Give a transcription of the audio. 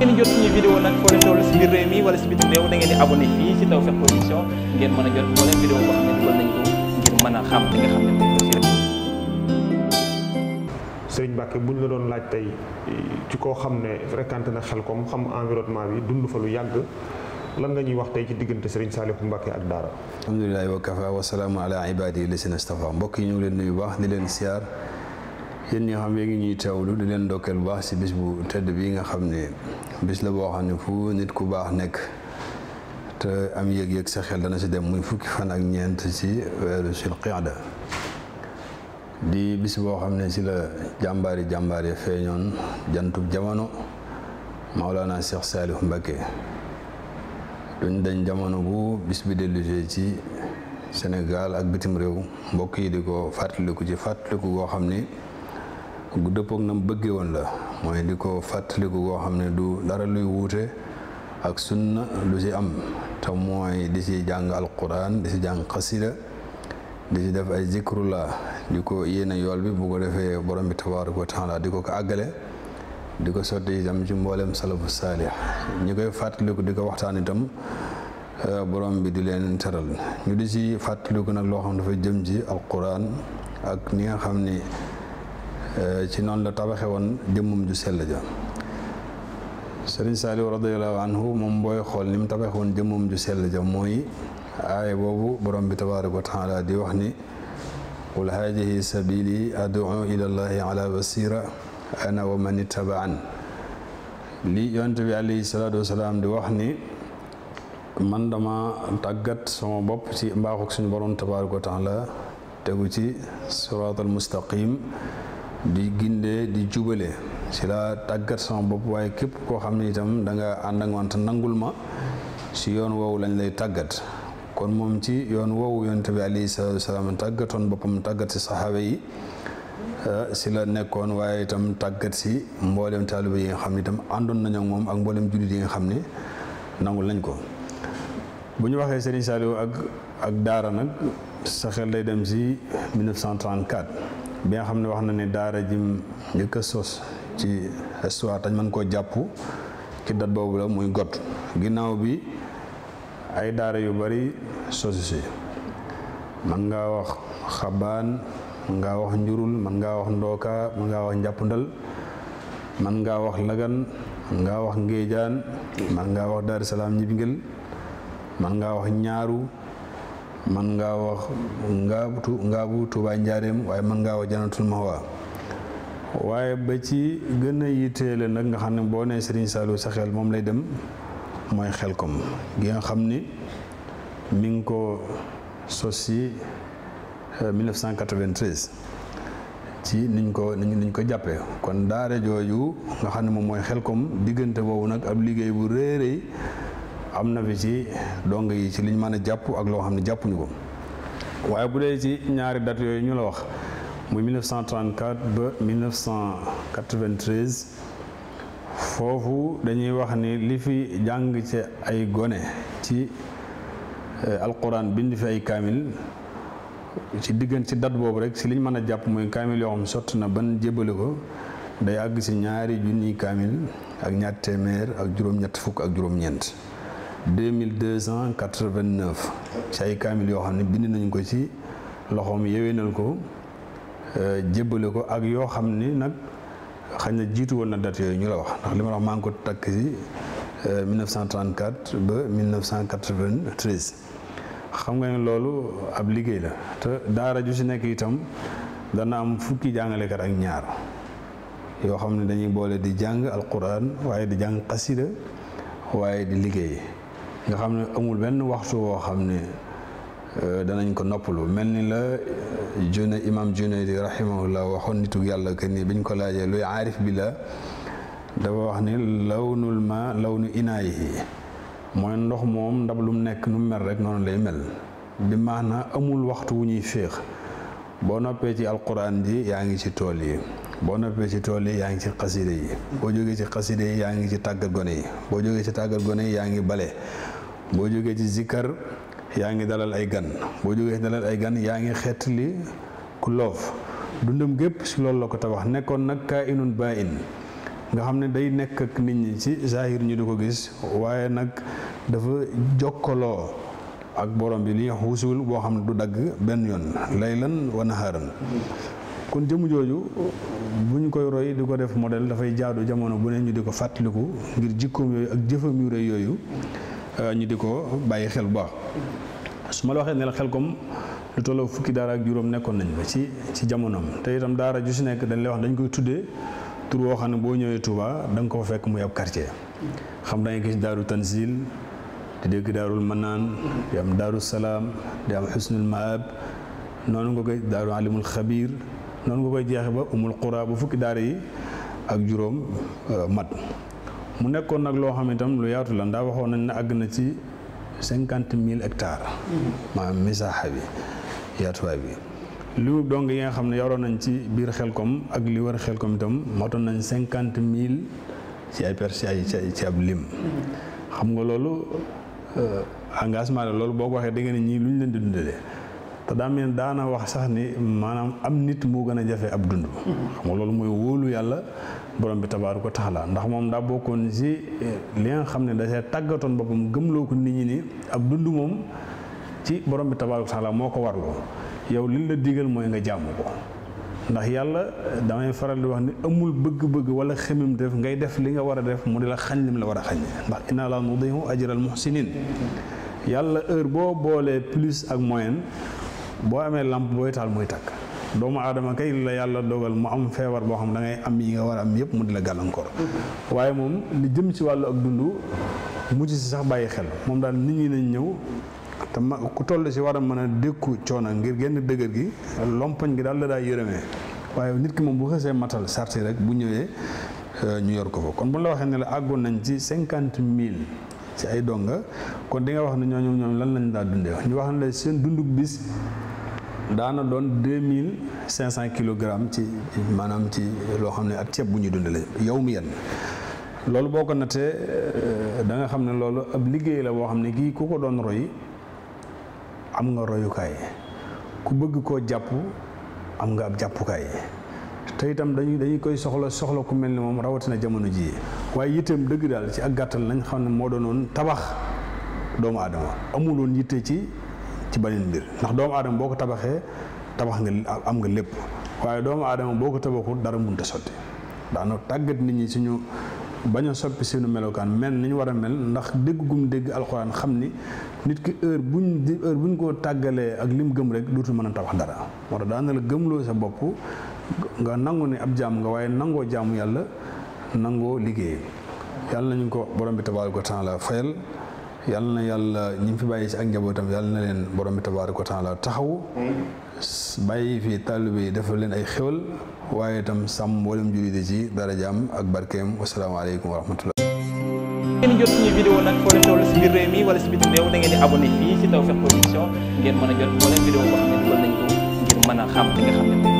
ngeen jot ngeen mën a jot moo leen vidéo boo la Sëriñ Mbacke bu ñu la doon laaj tey ci koo xam ne fréquenté na xel ko mu xam environnement bi dund fa lu yàgg. lan nga ñuy wax tey ci diggante sëriñ Saliou Mbacke ak Daara. alhamdulilah wa kafa wa salaamu ala ibaadi lisina stafa mbokk yi ñu leen nuyu baax di leen siyaar yéen ñi xam ne ngi ñuy teewlu di leen ndokkeel bu baax si bis bu tedd bi nga xam ne bis la boo xam ne fu nit ku baax nekk te am yëg-yëg sa xel dana si dem muy fukki fan ak ñeent si weeru sul qiada di bis boo xam ne si la jàmbaari jàmbaar ya feeñoon jantub jamono Maolana Cheikh Saliou Mbacké duñ dañ jamono bu bis bi dellusee ci Sénégal ak bitim réew mbokk yi di ko fàttaliku ci fàttaliku goo xam ni gu dëppoog nam bëggee woon la mooy di ko fàttaliku koo xam ne du dara luy wuute ak sunna lu ci am te mooy di ci jàng alquran di si jàng xasida di ci def ay zikrullah di ko yéene yool bi bu ko defee borom bi tabaaraka wa taala di ko ko àggale di ko sotti itam ci mboolem salafu saalih ñi koy fàttaliku di ko waxtaan itam eh, borom bi di leen teral ñu di ci fàttaliku nag loo xam dafa jëm ci alquran ak ni xam ni Euh, ci noonu la tabaxe woon jëmmum ju sell ja sëriñ Saaliw radiyallaahu anhu xool ni mu tabaxe woon jëmmum ju sella ja mooy aaya boobu borom bi tabaaraka wa taala di wax ni qul haadihi sabili ad'u ila llahi basira ana wa man ittaba'an li yonent bi alayhi salaatu di wax ni man dama tàggat sama bopp ci mbaaxuk suñu borom tabaaraka wa taala tegu ci siraatal mustaqim di gindee di jubale si la tàggat sama bopp waaye képp koo xam ne itam danga ànd ak wante nangul ma si yoon woowu lañ lay tàggat kon moom ci yoon woowu yonent bi alayhi salaatu tàggatoon boppam tàggat si saxaaba yi eh, si la nekkoon waaye itam tàggat si mboolem taaliba yi nga xam ni itam àndoon nañu moom ak mbooleem jullit yi nga xam ni nangu lañ ko bu ñu waxee Serigne Saliou ak daara nag sa xel lay dem si 1934 bi xam ne wax na ne daara ji njëkk a sos ci histoire tañ mën koo jàpp ci dat boobu la muy got ginnaaw bi ay daara yu bari sosisi man mën ngaa wax xaban mën ngaa wax njurul man ngaa wax ndooka mën ngaa wax njàppndal man ngaa wax lagan mën ngaa wax ngéejaan mën ngaa wax daaru salaam ñibingel mën ngaa wax ñaaru man ngaa wax ngaa ngaabu Tuubaa njaareem waaye man ngaa wax janatul mahwa waaye ba ci gën a yitteele nag nga xam ne boo nee Serigne Saliou sa moom lay dem mooy xelkom gi nga xam ni mi ngi ko sos si 1993 euh, ci niñ ko niñ ko jàppee kon daare jooju nga xam ne moom mooy xel koom diggante boobu nag ab liggéey bu rëy rëy am na fi ci dong yi ci liñ mën a jàpp ak loo xam ne jàppuñu ko waaye bu dee ci ñaari date yooyu ñu la wax muy 1934 ba 1993 foofu dañuy wax ni li fi jàng ci ay gone ci eh, alquran bind fi ay kaamil ci diggante ci dat boobu rek ci liñ mën a jàpp mooy kaamil yoo xam sotti na ban jébbale ko day àgg ci ñaari junni kaamil ak ñaar téeméer ak juróom-ñett deux mille deux cent quatre vingt neuf ci ay kaamil yoo xam ne bind nañu ko ci loxoom yewénal ko euh, jébbale ko ak yoo xam ni nag xañ na jiitu woon na date yooyu ñu la wax ndax li ma wax maa ngi ko takk ci 1934 euh, ba 1993 xam nga ne loolu ab liggéey la te daara ju si nekk itam dana am fukki jàngalekat ak ñaar yoo xam ne dañuy boole di jàng alquran waaye di jàng xasida waaye di liggéey nga xam ne amul benn waxtu woo xam ne euh, danañ ko noppalu mel ni la june imam Junaydi rahimahullah waxoon ni nitu yàlla que nii biñ ko laajee luy aarif bi la dafa wax ni law lawnul ma lawnu yi mooy ndox moom ndab lu mu nekk nu mel rek noonu lay mel bi na amul waxtu wu ñuy féex boo noppee ci alquran ji yaa ngi ci tool yi boo noppee ci tool yi yaa ngi ci xaside yi boo jógee ci xaside yi yaa ngi ci tàggat gone yi boo jógee ci tàggat gone yi yaa ngi bale boo jógee ci zikkar yaa ngi dalal ay gan boo jógee ci dalal ay gan yaa ngi xeetli ku loof dundam gépp ci loolu la ko tabax nekkoon nag kaa inun baa in nga xam ne day nekk ak nit ñi ci zahir ñu di ko gis waaye nag dafa jokkaloo ak borom bi li wusul boo xam ne du dagg benn yoon laylan wa naharan kon jëmu jooju bu ñu koy roy di ko def modèle dafay jaadu jamono bu ne ñu di ko fàttaliku ngir jikkoom yooyu ak jëfam yu rëy yooyu Euh, ñu di ko bàyyi xel bu su ma la waxee ne la xel comme lu tolloo fukki daara ak juróom nekkoon nañ ba ci ci jamonoom te itam daara ju si nekk dañ lay wax dañ koy tuddee tur woo xam ne boo ñëwee Touba da nga ko fekk muy ab quartier xam da nga gis daaru Tanzil di dégg daarul Manaan di am daaru Salaam di am Xusnul Maab noonu nga koy daaru Alimul Xabiir noonu nga koy jeexe ba umul Qura bu fukki daara yi ak juróom euh, mat. mu nekkoon nag loo xam ne itam lu yaatu la ndax waxoon nañ ne àgg na ci cinquante mille hectares. Mm-hmm. ma misaaxa bi yaatuwaay bi. limu dong yi nga xam ne yoroon nañ ci biir xel xelkom ak li xel xelkom itam motoon nañ cinquante mille ci ay per ci ay ci ab lim. Mm-hmm. xam nga loolu euh, engagement la loolu boo ko waxee da ngeen ñii lu ñu leen di dundalee. te daa mel daana wax sax ni maanaam am nit moo gën a jafe ab dund. Mm-hmm. xam nga loolu mooy wóolu yàlla. borom bi tabaaraka wa taala ndax moom daa bokkoon si eh, li nga xam ne dafay tàggatoon boppam gëmloo ko nit ñi ni ab dund moom ci borom bi tabaaraka wa taala moo ko warloo yow liñ la digal mooy nga jàmm ko ndax yàlla eh, damay faral di wax ni amul bëgg-bëgg wala xemim def ngay def li nga war a def mu di la xañ lim la war a xañ ndax inna la nudihu ajral muhsinin yàlla heure boo boolee plus ak moyen boo amee lampe booy taal muy takk doomu aadama kay la yàlla dogal mu am feebar boo xam da ngay am yi nga war am yëpp mu di la gàllankoor waaye moom li jëm si wàllu ak dund mu ci sax bàyyi xel moom daal nit ñi nañ ñëw te ma ku toll si war a mën a dékku coono ngir génn dëgër gi lompoñ gi daal la daay yërëmee waaye nit ki moom bu xësee matal sarti rek bu ñëwee euh, ñu yor ko fa kon bu la waxee ne la àggoon nañ ci cinquante mille ci ay donga kon di nga wax ne ñooñu ñoom lan lañ daa dundee ñu wax ne la seen daana doon deux mille cinq cent kilogrammes ci maanaam ci loo xam ne ak ceeb bu ñuy dundalee yow mi yan loolu boo ko nattee euh, da danga xam ne loolu ab liggéey la boo xam ne kii ku ko doon roy am nga royukaay ku bëgg koo jàpp am nga ab jàppukaay te itam dañuy dañuy koy soxla soxla ku mel ni moom rawatina jamono jii waaye yitteem dëgg daal ci ak gàttal lañ xam ne moo doon doonoon tabax doomu aadama amuloon yitte ci ci beneen mbir ndax doomu aadama boo ko tabaxee tabax nga am nga lépp waaye doomu aadama boo ko tabaxul dara mun a sotti daanoo tàggat nit ñi suñu bañ a soppi seenu melokaan mel ni ñu war a mel ndax dégg dégg alxuraan xam ni nit ki heure buñ heure buñ ko tàggalee ak lim gëm rek dootul mën a tabax dara moo tax daan na la gëmloo sa bopp nga nangu ne ab jàmm nga waaye nangoo jaamu yàlla nangoo liggéey yàlla nañu ko borom bi tabaaraka wa taala fayal yàlla na yàlla ñi fi bàyyi si ak njabootam yàlla na leen borom bi tabaaraka wa taala taxaw bàyyi fi taalibe yi defal leen ay xéwal waaye tam sam mboolem jullit yi ci darajaam ak barkeem wasalaamaaleykum wa rahmatullah ngeen jot suñu vidéo nag foo leen si biir réew wala si biti réew da ngeen di abonné fii si Tawfekh Production ngeen mën a jot moo leen vidéo boo xam ne a xam li xam ne